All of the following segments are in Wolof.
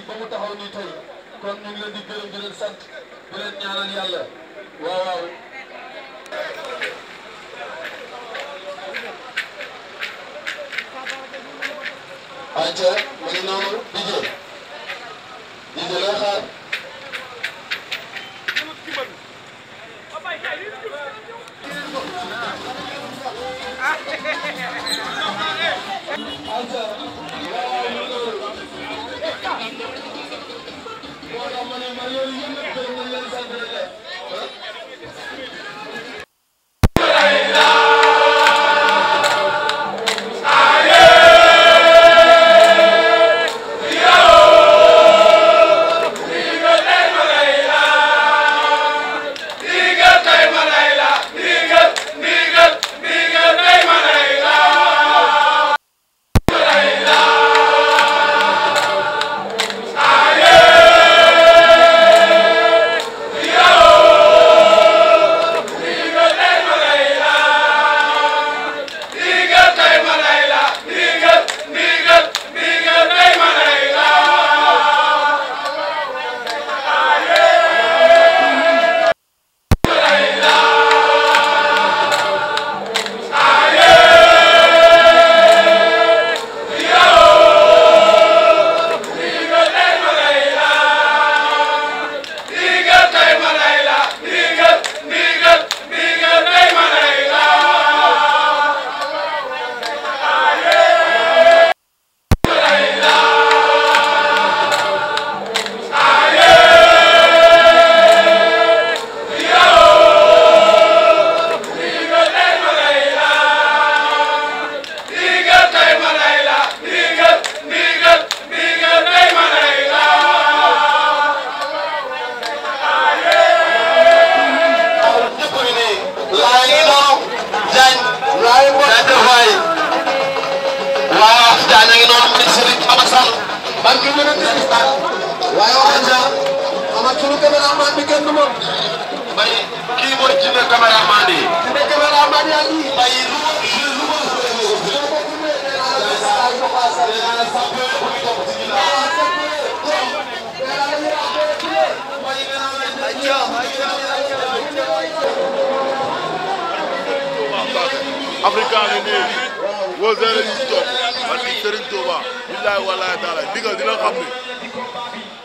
fii ba mu taxaw nii tey kon ñu ngi leen di gërëm di leen sant di leen ñaanal yàlla waaw moo tax ma ne ma loolu yëpp nag bëri na leen sant na leen ak sunu caméraman bi kenn du moom. mbay kii mooy jinne caméraman yi. jinne caméraman yaa ngi. mbay lu ko lu ko. africain yi nii wóor na leen ñu toog man di Serigne Touba billahi wallahi taala digal dina xam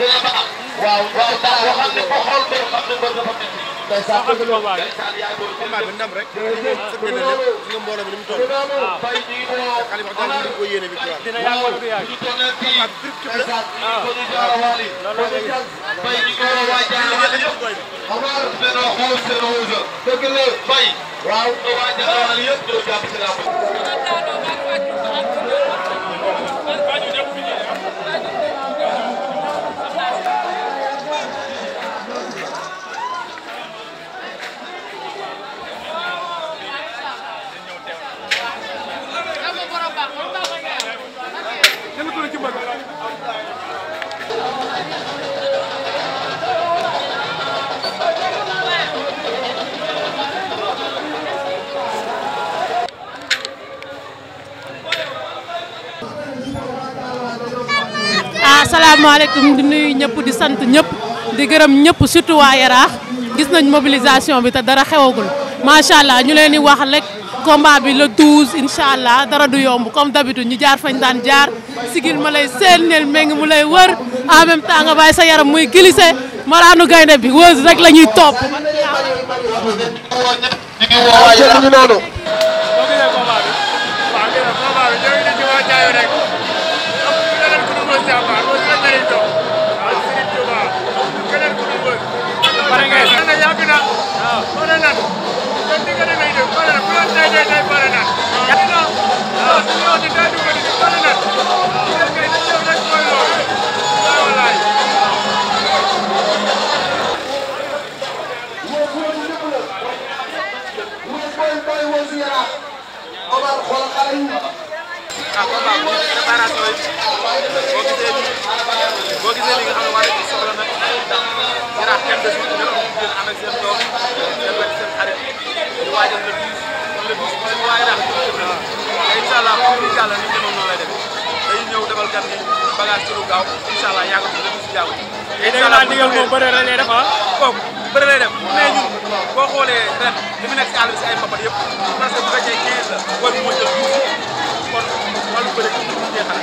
dina fa am. waaw waaw dara waxal ne ko xool mbër xam ne mbër dafa métti. tey saa ko gënoon waaye tey saa yaay boobu combat bi ndam rek. nga mbooloo bi ni mu toll. waaw tey jii boo. xale wax dëgg ñu ko yéene bi quoi. dina yàgg wala du yàgg. ñu tollal fii tey saa ko ñu jaara waali. loolu la ñuy tey ñu ko war a waa jaara waali yëpp. Omar Sénor xool Sénor Ousseyn. dëgg la Faye. waaw waa jaara waali yëpp ñoo jàpp si laa asalaamaaleykum di nuyu ñëpp di sant ñëpp di gërëm ñëpp surtout waa Yaraax gis nañ mobilisation bi te dara xewagul macha allah ñu leen di wax rek combat bi le 12 incha allah dara du yomb comme d'habitude ñu jaar fañ daan jaar sigil ma lay seen neel méng mu lay wër en même temps nga sa yaram muy glissé maraanu gaynde bi wëus rek la ñuy topp. waaw la bis bi suñu waaye daal incha allah comme incha allah liñ demoon noonu lay def dañuy ñëw defal gan yi bagage ci gaaw incha allah yaa ngi si jàmm. incha allah bu ñu koy def bëre lay def ah. kooku ñun boo xoolee ren li mu nekk si si ay mbapat yëpp parce que bu fekkee 15 la war moo jël kon wàllu bëre bi ñu ngi jeexal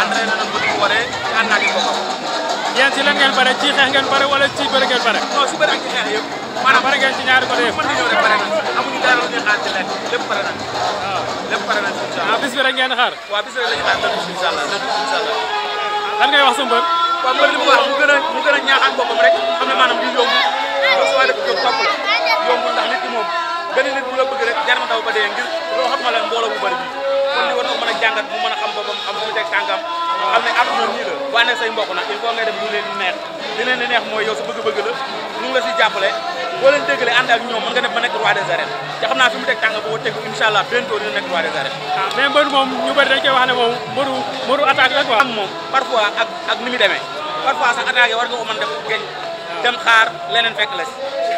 entraîné nañ ko ni mu waree te ànd naa ko boppam yang si lan ngeen pare ci xeex ngeen pare wala ci bëri ngeen pare. non si bëri ci xeex yëpp. maanaam pare ngeen ci ñaari côté yëpp. amuñu dara lu ñuy xaar ci lenn lépp pare nañ. waaw pare nañ incha allah. bis bi rek xaar. waaw bis bi rek la ñuy xaar dëgg lan ngay wax sa mbër. waaw mbër li mu wax rek ndax nit nit bu la bëgg rek daw ba ngir xam la bu bari bi kon li war na mën a jàngat mu mën a xam boppam xam fu mu teg tànkam xam ne àdduna nii la bu ànd ak say mbokk nag il faut ngay def lu leen di neex li leen di neex mooy yow su bëgg-bëgg la ñu ngi la si jàppale boo leen déggalee ànd ak ñoom mën nga def ba nekk roi naa fi mu teg tànk boo tegu incha allah bientôt dina nekk roi des arènes waaw ah, moom ñu bëri dañ koy moom mbëru mbëru attaque la quoi am moom parfois ak ak ni mu demee parfois sax attaque war nga ko mën def geñ dem xaar la si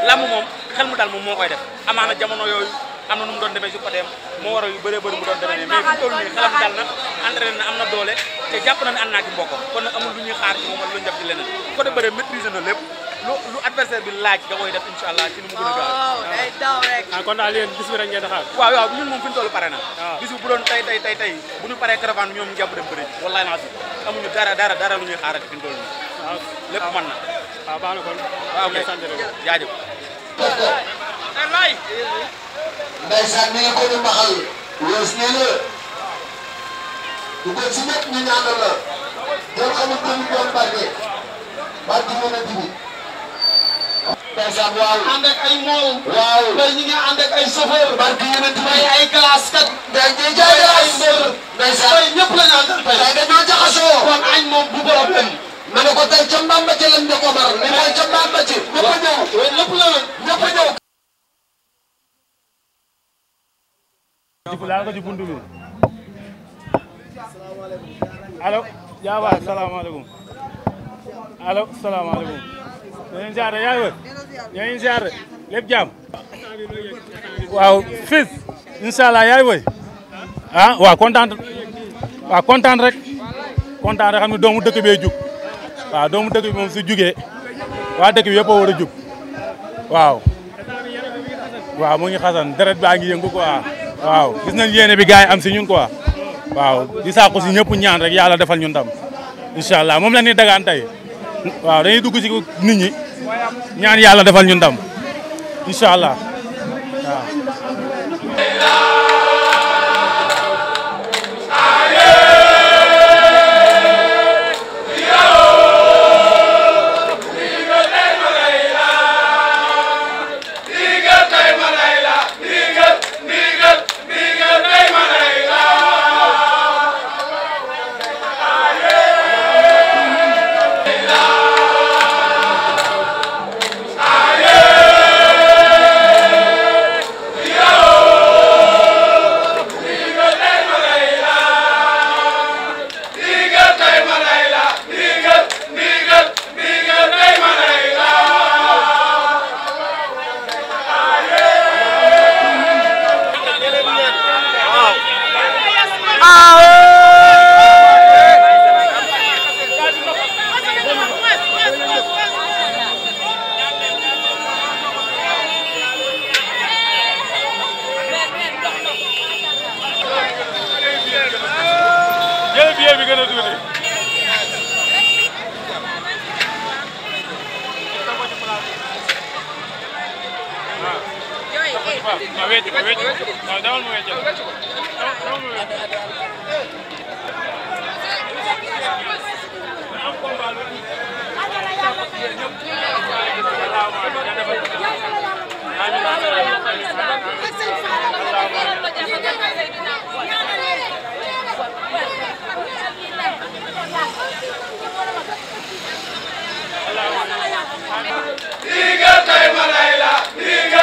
lamb moom xel mu dal moom moo koy def amaana jamono yooyu am na nu mu doon demee si côté moo waral yu bëree bëri mu doon demee ne mais fi mu toll nii xelam dal na entraîné na am na doole te jàpp na ne ànd naa ki mbokkam kon nag amul lu ñuy xaar ci moom wala lu ñu def ci leneen côté bëre maîtrisé na lépp lu lu adversaire bi laaj da koy def incha allah ci nu mu gën a gaaw day daw rek ah kon daal yéen bis bi rek ngeen di xaar waaw waaw ñun moom fi ñu toll pare na ah. bis bi bu doon tey tey tey tey bu ñu paree caravane ñoom jàpp dem bëri wallahi naa amuñu dara dara dara lu ñuy xaarati fi ñu toll nii ah. lépp mën na waaw ah, baax na kon waaw sant jaajëf ndeysaan ni la ko ñu mbaxal wees nee na dugal si ñëpp ñu ñaanal la jël xamul ko ñu doon barke barke ñu ne dibi ndeysaan waaw ànd ak ay moow waaw tey ñu ngi ànd ak ay chauffeur barke ñu ne dibi tey ay classe kat day ñuy jaay ay mbër ndeysaan tey ñëpp la ñu àndal tey tey dañoo jaxasoo kon añ moom du problème ma ne ko tey ca Mbamba ca lañ ne ko mar ne mooy ca Mbamba ca ñëpp a ñëw ñëpp a ñëw jibu laal ko ci buntu bi allo yaa waay salaamaaleykum allo salaamaaleykum yéen ziar yaa wër yéen ziar lépp jaam waaw fils incha yaay wëy ah waaw kontaan waaw kontaan rek kontaan rek xam ne doomu dëkk bee jug waaw doomu dëkk bi moom su jugee waa dëkk bi yëpp a war a waaw waaw mu ngi xasan deret baa ngi yëngu quoi waaw gis nañ yéene bi gars yi am si ñun quoi waaw di saako si ñëpp ñaan rek yàlla defal ñun tam incha allah moom la ñuy dagaan tey waaw dañuy dugg si nit ñi ñaan yàlla defal ñun tam incha allah. Diga tay ma lay la diga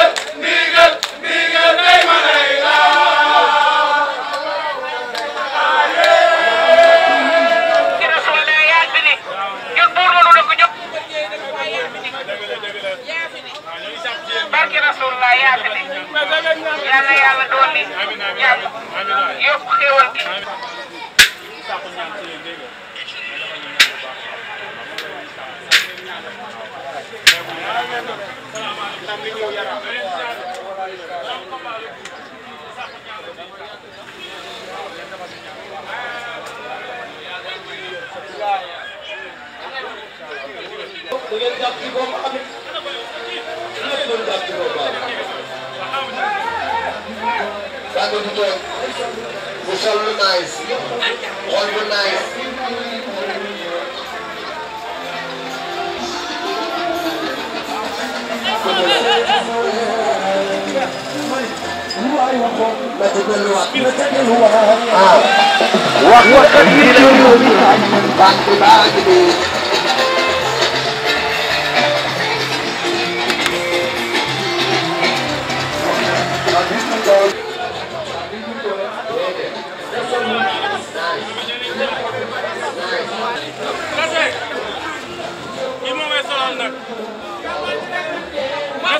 What That's it. Give me a message on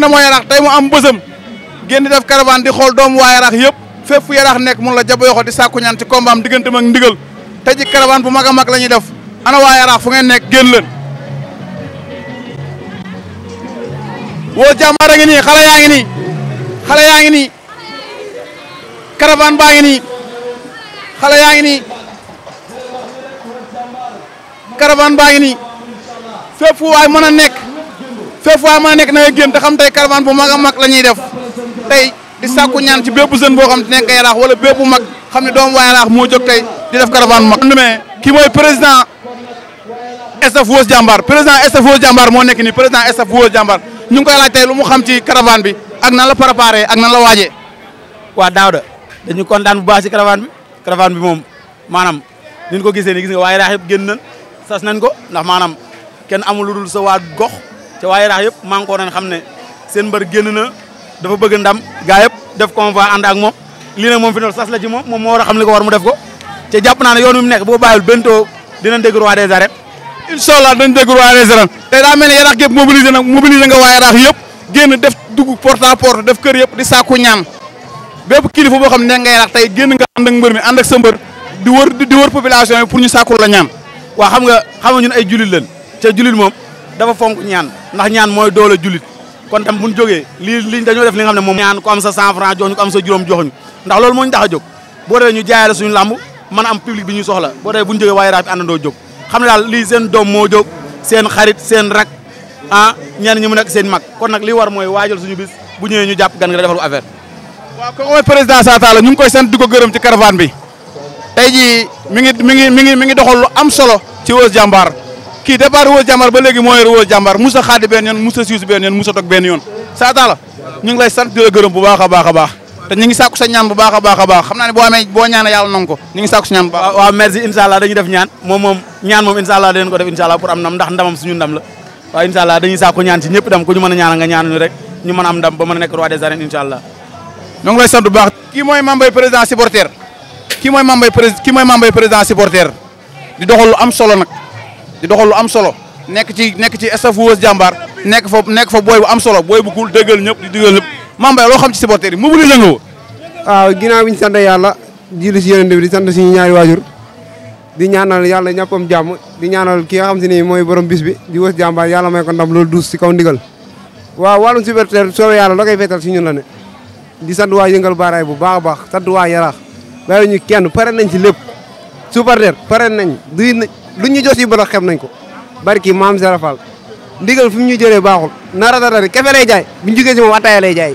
na moo yaraax tey mu am bësam génn def caravane di xool doomu waa yaraax yëpp fépp fu yaraax nekk mun la jabo yoxo di sàkku ñaan ci kombaam digganteem ak ndigal tey ji bu mag mag la ñuy def ana waa yaraax fu ngeen nekk génn leen woo jàmbaar ngi nii xale yaa ngi nii xale yaa ngi nii caravane ngi nii xale yaa ngi nii caravane baa ngi nii fépp fu waay mën a nekk deux fois maa nekk na génn te xam tey caravane bu mag a mag la ñuy def tey di sàkku ñaan ci bépp jeune boo xam te nekk yaraax wala bépp mag xam ne doom waa moo jóg tey di def caravane bu mag. mais kii mooy président STF Wos Jàmbaar président STF Wos Jàmbaar moo nekk nii président STF Wos Jàmbaar ñu ngi ko laaj tey lu mu xam ci caravane bi ak nan la préparé ak nan la waajee. waa Daouda dañu kontaan bu baax ci bi caravane bi moom maanaam ni ko gisee nii gis nga waaye yaraax génn nañ sas nañ ko ndax maanaam kenn amul lu dul sa gox. ci waa Yaraax mang manko nañ xamne ne seen mbër genn na dafa bëgg ndam gaa yep def convoi and ak mom li nag mom fi ne sas la ci mom mom mo wara a xam li ko war mu def ko ci japp na na yoon wi mu nekk boo bayul bento dina deg roi des arènes inshallah allah dañ dégg roi des arènes tay da melni yarax yep mobiliser nak mobiliser nga waye rax yep genn def dugg porte à porte def kër yep di sàkku ñaan bëpp kilifa bo xam ne nga Yaraax tey génn nga and ak mbër mi and ak sa mbër di wër di wër population yi pour ñu sàkkul la ñaan wa xam nga xam nga ñun ay julit lañ ci julit mom dafa fonk ñaan ndax ñaan moy doole julit kon tam buñ joggé li liñ dañu def li nga xamné mom ñaan ko am sa 100 francs jox ko am sa juroom jox ndax loolu moñ taxa jog bo dé ñu jaayal suñu lamb man am public bi ñu soxla bo dé buñ joggé way raa bi jog xamné dal li seen dom mo jog seen xarit seen rak ah ñaan ñi mu nekk seen mag kon nak li war moy waajal suñu bis bu ñëwee ñu japp gan nga defal ko affaire wa ko mooy président taala ñu ngi koy sant diko ko ci caravane bi tay ji mi ngi mi ngi mi ngi doxal lu am solo ci wos jambar ki départ Weur Jambar ba léegi moy Weur Jambar moussa xaadi ben yon moussa sius ben yon moussa tok ben yon Sa ta la ñu ngi lay sant di la gëreum bu baaxa baaxa baax a baax te ñu ngi sakku sa ñaan bu baaxa baaxa baax xamna ni bo amé bo boo yalla boo ñaanee ko ñu ngi sakku sa ñaan bu baax waaw merci inshallah allah dañuy def ñaan mom mom ñaan mom inshallah allah dañu ko def inshallah pour am nam ndax ndamam suñu ndam la wa inshallah allah dañuy sàkku ñaan ci ñepp dam ku ñu mëna a ñaan nga ñaan ñu rek ñu mëna am ndam ba mëna nek roi des arènes inshallah ñu ngi lay sant bu baax ki moy mambay président supporter ki moy mambay président ki moy mambay président supporter di doxal lu am solo nak di doxal am solo nek ci nek ci staff Weuz Diambar nek fa nekk bu am solo boy bu kul déggal ñep di déggal ñëpp Mame Mbaye loo xam ci supporter mu mobilisé nga waaw ginaaw bi sante yalla jilu ci si yonent bi di sant suñu ñaari wajur di ñaanal yalla ñàppam jamm di ñaanal ki nga xam si ni moy borom bis bi di wos jambar yalla may ko ndam loolu dus ci kaw ndigal waaw walu supporter soobee yalla la koy feetal si ñun la ne di sante wa yeengal baray bu baax baax sante wa yaraax bayu ñu kenn paré nañ ci lepp supporter paré nañ duy lu ñu jos yi bala xam nañ ko barki maam Zara Fall ndigal fu ñu jëlee baaxul nara dara de kafe jaay bu ñu jugee si moom ataaya lay jaay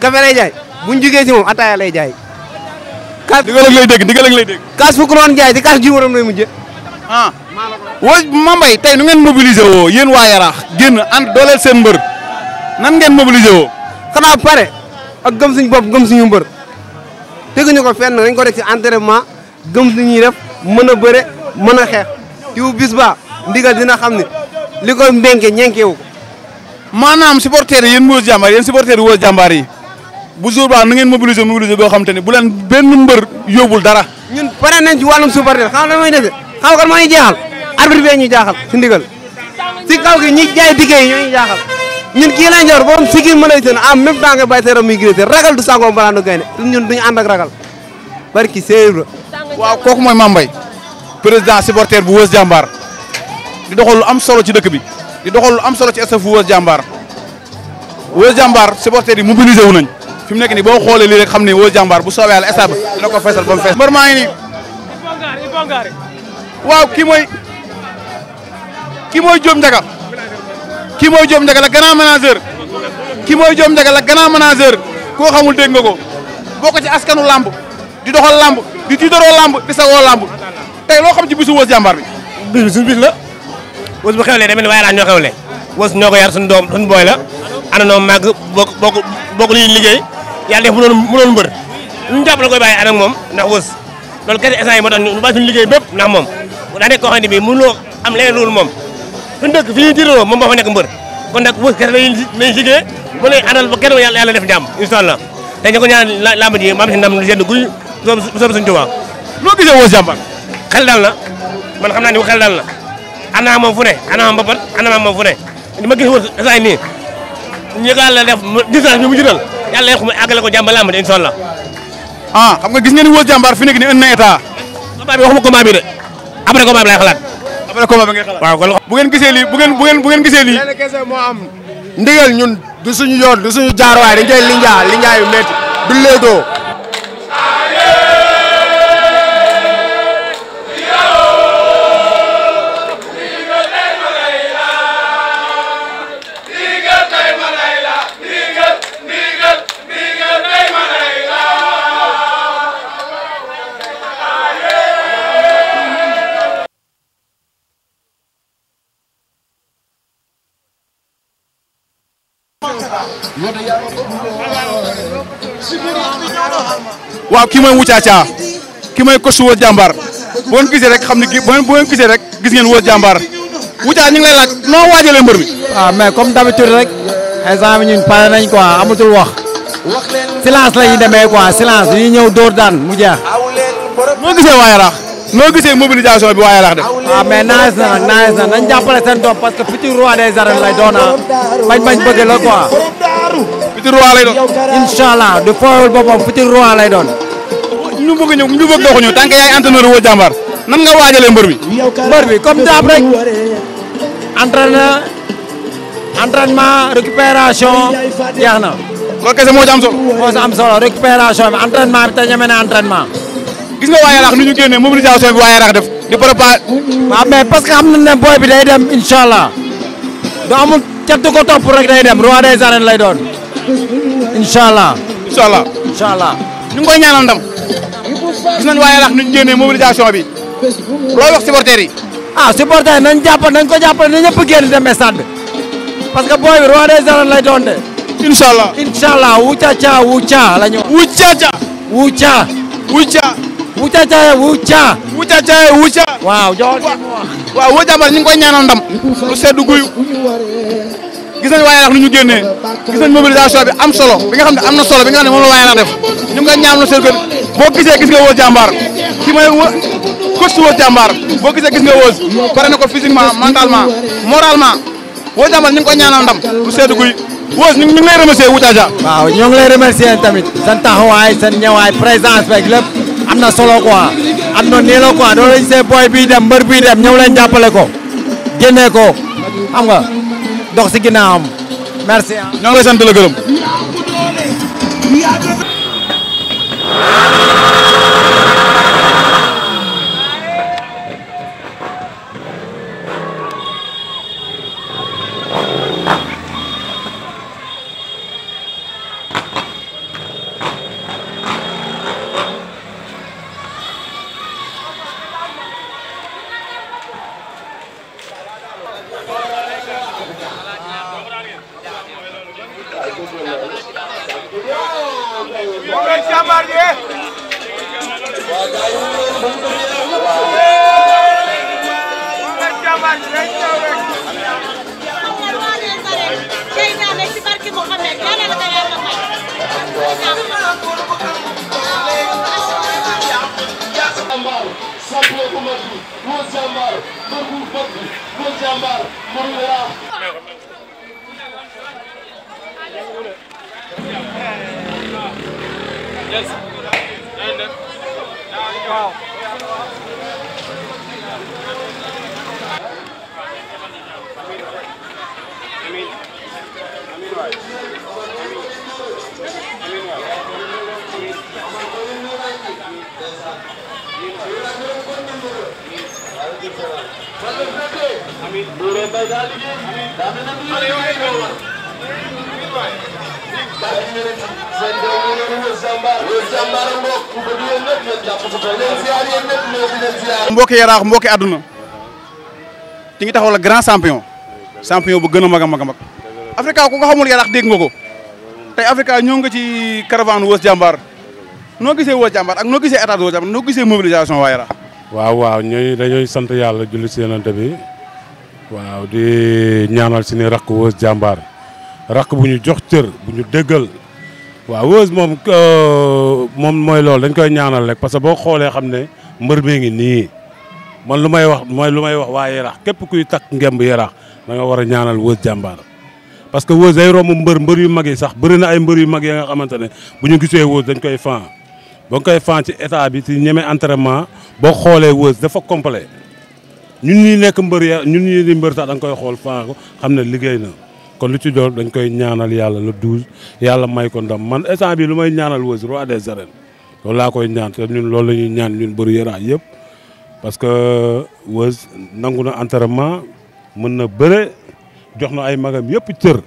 kafe lay bu ñu jugee si moom ataaya lay jaay. kaas ndigal ak lay dégg ndigal ak lay dégg. kaas fu ko doon jaay si kaas ji waroon lay mujjee. ah wala Mambay tey nu ngeen mobiliser woo yéen waa Yaraax génn ànd dooleel seen mbër nan ngeen mobiliser woo. xanaa pare ak gëm suñu bopp gëm suñu mbër teguñu ko fenn dañ ko def si entraînement gëm suñuy def mën a bëre. mën a xeex diw bis ba ndigal dina xam ne li ko mbénke ñenkewu ko maanaam supporters yi yéen Weuz Jàmbaar yéen supporters yi Weuz Jàmbaar yi bu jour ba nu ngeen mobiliser mobiliser boo xam te ne bu leen benn mbër yóbbul dara ñun pare nañ ci wàllum supporter xam la mooy dese xam kan mooy jaaxal arbitre bee ñu jaaxal si ndigal kaw gi ñi jaay diggé yi ñooñu jaaxal ñun kii lañ jor borom si kii mën a ah seen en même temps nga bàyyi seeram muy grité ragal du sangoo balaa nu gaynde ñun duñu ànd ak ragal barki séeréer la waaw kooku mooy Mame Mbaye président supporter bu Weuz Diambar di doxal lu am solo ci dëkk bi di doxal lu am solo ci stade bu Weuz Diambar Weuz supporter yi mobilisé wu nañ fi mu nekk ni boo xoolee lii rek xam ne Weuz Diambar bu soobee yàlla stade ba ko feesal ba mu fees. mbër maa ngi nii waaw kii moy kii mooy Diop Ndiaga kii mooy Diop Ndiaga la gana manager kii mooy Diop Ndiaga la grand manager koo xamul dégg ko bokk ci askanu lamb di doxal lamb di tiitaroo lamb di sagoo lamb. tey loo xam ci bisu wës jàmbaar bi. bis bi suñu bis la wës bu xewlee tamit waaye laa ñoo xewle wës ñoo ko yar suñu doom suñu booy la àndandoo màgg bokk bokk bokk li ñuy liggéey yàlla def mu doon mu mbër ñu jàpp la koy bàyyi moom na wës loolu kese instant yi moo tax ñu bàyyi suñu liggéey bépp ndax moom daa nekk koo di ne bii mënuloo am leneen loolu moom suñu dëkk fi ñuy tiiroo moom moo fa nekk mbër kon nag wës kese lañuy liggéey mu lay àndal ba kenn yàlla yàlla def jàmm incha xel dal na man xam naa ni xel dal na ana moom fu ne ana ma mbapat ana moom fu ne li ma gis woon saa yi nii ñu la def distance bi mu jural yàlla yàqu ma àggale ko jàmba làmb de incha la ah xam nga gis ngeen ni Weuz Diambar fi nekk ni un na état. combat bi waxuma combat bi de après combat bi laay xalaat. après combat bi ngay xalaat waaw kon. bu ngeen gisee lii ngeen bu ngeen bu ngeen gisee lii. lenn moo am ndigal ñun du suñu yoon du suñu jaar waaye dañ koy linjaa linjaa yu métti du léedoo. waaw kii mooy Mucaaca kii mooy coach Weur Diambar boo leen rek xam ne kii boo leen gisee rek gis ngeen Weur Diambar Mucaaca ñu ngi lay laaj noo waajalee mbër mi. waaw ah, mais comme d'habitude rek exemple bi ñun pare nañ quoi amatul wax silence la ñuy demee quoi silence dañuy ñëw dóor daan mu jeex. noo gisee waa Yaraax noo gisee mobilisation bi waa Yaraax def. waaw ah, mais naaj na nag naaj na nañ jàppale seen doom parce que futur roi des arènes lay doon ah. bañ bañ bëgg la quoi. futur roi lay doon. incha allah du lay doon. ñu bëgg ñu ñu bëgg doxuñu tant que yaay entraîneur wo jambar nan nga wajalé mbër bi. mbër bi comme dab rek entraîneur entraînement récupération yaana ko kessé mo moo ci am solo. moo ci am solo récupération entraînement bi tañu mëna entraînement. gis nga waya Yaraax ñu ñu génnee mobilisation bi waa def di préparer. waaw mais parce que xam nañ ne bi day dem inshallah allah du amul catu ko top rek day dem roi des arènes lay doon inshallah allah. inshallah allah allah. ñu ngi ñaanal ndam. gis nañ waa Yaraax nuñ génnee mobilisation bi looy wax supporters yi. ah supporters yi nañ jàpp nañ ko jàppale na ñëpp génn dem stade bi parce que booy bi roi des arènes lay doon de. incha allah incha allah wucaca wuca la ñu. wucaca. wuca. wuca. wucaca wuca. wucaca wuca. waaw jox waaw woo jàmbar ñu ngi koy ñaanal ndam. lu sedd guyu. gis nañ waaye rax nu ñu génnee gis nañ mobilisation am solo bi xam ne am na solo bi nga xam ne moom la waaye rax def ñu nga ñaam la seen kër boo gisee gis nga wóos jàmbaar ki may coach wóos jàmbaar boo gisee gis nga wóos pare na ko physiquement mentalement moralement wóos jàmbaar ñu ngi ko ñaanal ndam bu seedu guy wóos ñu ngi lay remercier Wouthia waaw ñoo ngi lay remercier tamit seen taxawaay seen ñëwaay présence beeg lépp am na solo quoi am na nii la a doo leen gisee booy biy dem mbër biy dem ñëw jàppale ko génnee ko xam nga dox si ginnaawam merci. ñoo ngi lay sant la gërëm. bay daa liggéey daa mel ne nii yow ay yow mbokk ku bëgg yéen ñëpp ngeen jàpp ko leen grand champion champion bu gën a mag a mag a mag ko xamul yaraax dégg nga ko tey Africa ñoo nga ci caravane wës jàmbaar noo gisee wës jàmbaar ak noo gisee état wës jàmbaar noo gisee mobilisation waa yaraax. waaw waaw ñooy dañuy sant yàlla julli si yonent bi waaw di ñaanal suñu rakk Weuz jàmbaar rakk bu ñu jox cër bu ñu déggal waaw Weuz moom euh, moom mooy lool dañ koy ñaanal rek parce que boo xoolee xam ne mbër mi ngi nii man lu may wax mooy lu may wax waa Yaraax képp kuy takk ngemb Yaraax da war a ñaanal Weuz jàmbaar parce que Weuz day romb mbër yu mag yi sax bëri na ay mbër yu mag yi nga xamante ne bu ñu gisee Weuz dañ koy fan ba koy fan ci état bi ci ñeme entraînement boo xoolee Weuz dafa complet ñun ñuy nekk mbër ya ñun ñii di mbër sax da koy xool faako xam ne liggéey na kon lu ci doon dañ koy ñaanal yàlla le douze yàlla may ko ndam man instant bi lu may ñaanal Weuz roi des arènes loolu laa koy ñaan te ñun loolu la ñuy ñaan ñun bëri yëraa yëpp parce que Weuz nangu na entraînement mën na bëre jox na ay magam yëpp cër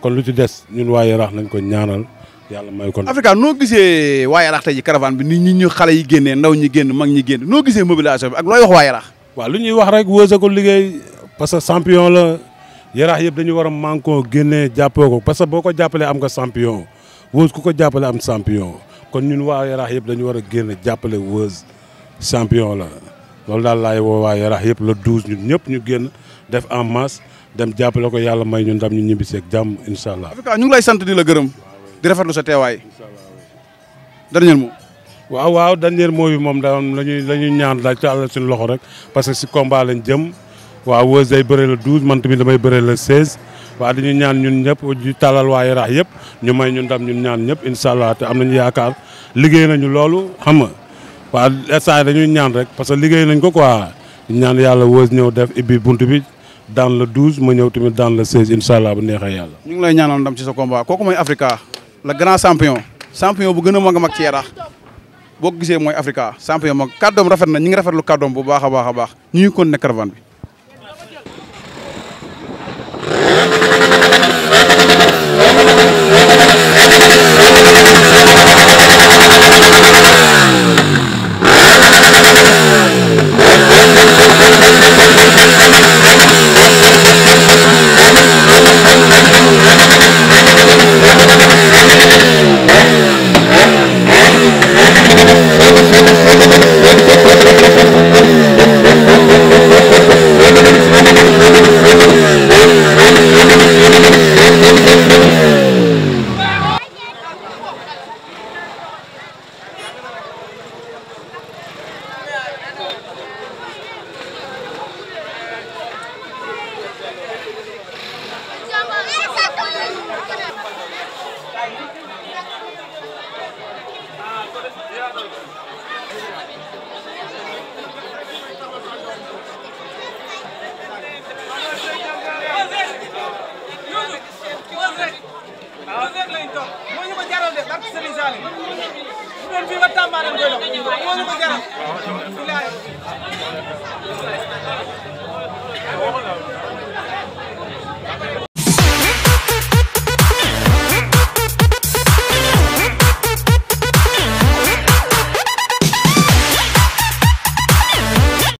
kon lu ci des ñun waa yaraax nañ ko ñaanal yàlla may kon Africa noo gisee waa yaraax tey ji caravane bi ni ñu ñu xale yi génne ndaw ñi génn mag ñi génn noo gisee mobilisation bi ak looy wax waa yaraax waaw lu ñuy wax rek ko liggéey parce que champion la yaraax yëpp dañu war a manko génnee jàppoo ko parce que boo ko jàppalee am nga champion wërs ku ko jàppale am champion kon ñun waa yaraax yëpp dañu war a génne jàppale wërs champion la loolu daal laay woo waaye yaraax yëpp le douze ñun ñëpp ñu génn def en masse dem jàppale ko yàlla may ñun ndam ñu ñibbisee ak jàmm incha allah. en tout ngi lay sant di la gërëm di rafetlu sa teewaay. incha allah dernier waaw waaw dernier mot bi moom daan lañuy la ñuy ñaan daal ci àll suñu loxo rek parce que si combat lañ jëm waaw Weuz day bëre la 12 man tamit damay bëre la 16 waaw dañuy ñaan ñun ñëpp di tàllal waa Yaraax yëpp ñu may ñun ndam ñun ñaan ñëpp incha allah te am nañu yaakaar liggéey nañu loolu xam nga waaw instant dañuy ñaan rek parce que liggéey nañ ko quoi ñaan yàlla Weuz ñëw def ibbi bunt bi daan la 12 ma ñëw tamit daan la 16 incha bu neexee yàlla. ñu ngi lay ñaanal ndam ci sa combat kooku mooy Africa gën a mag a mag boo ko gisee mooy Africa champion moom kàddoom rafet na ñi ngi rafetlu kàddoom bu baax a baax a baax ñu ngi continuer caravane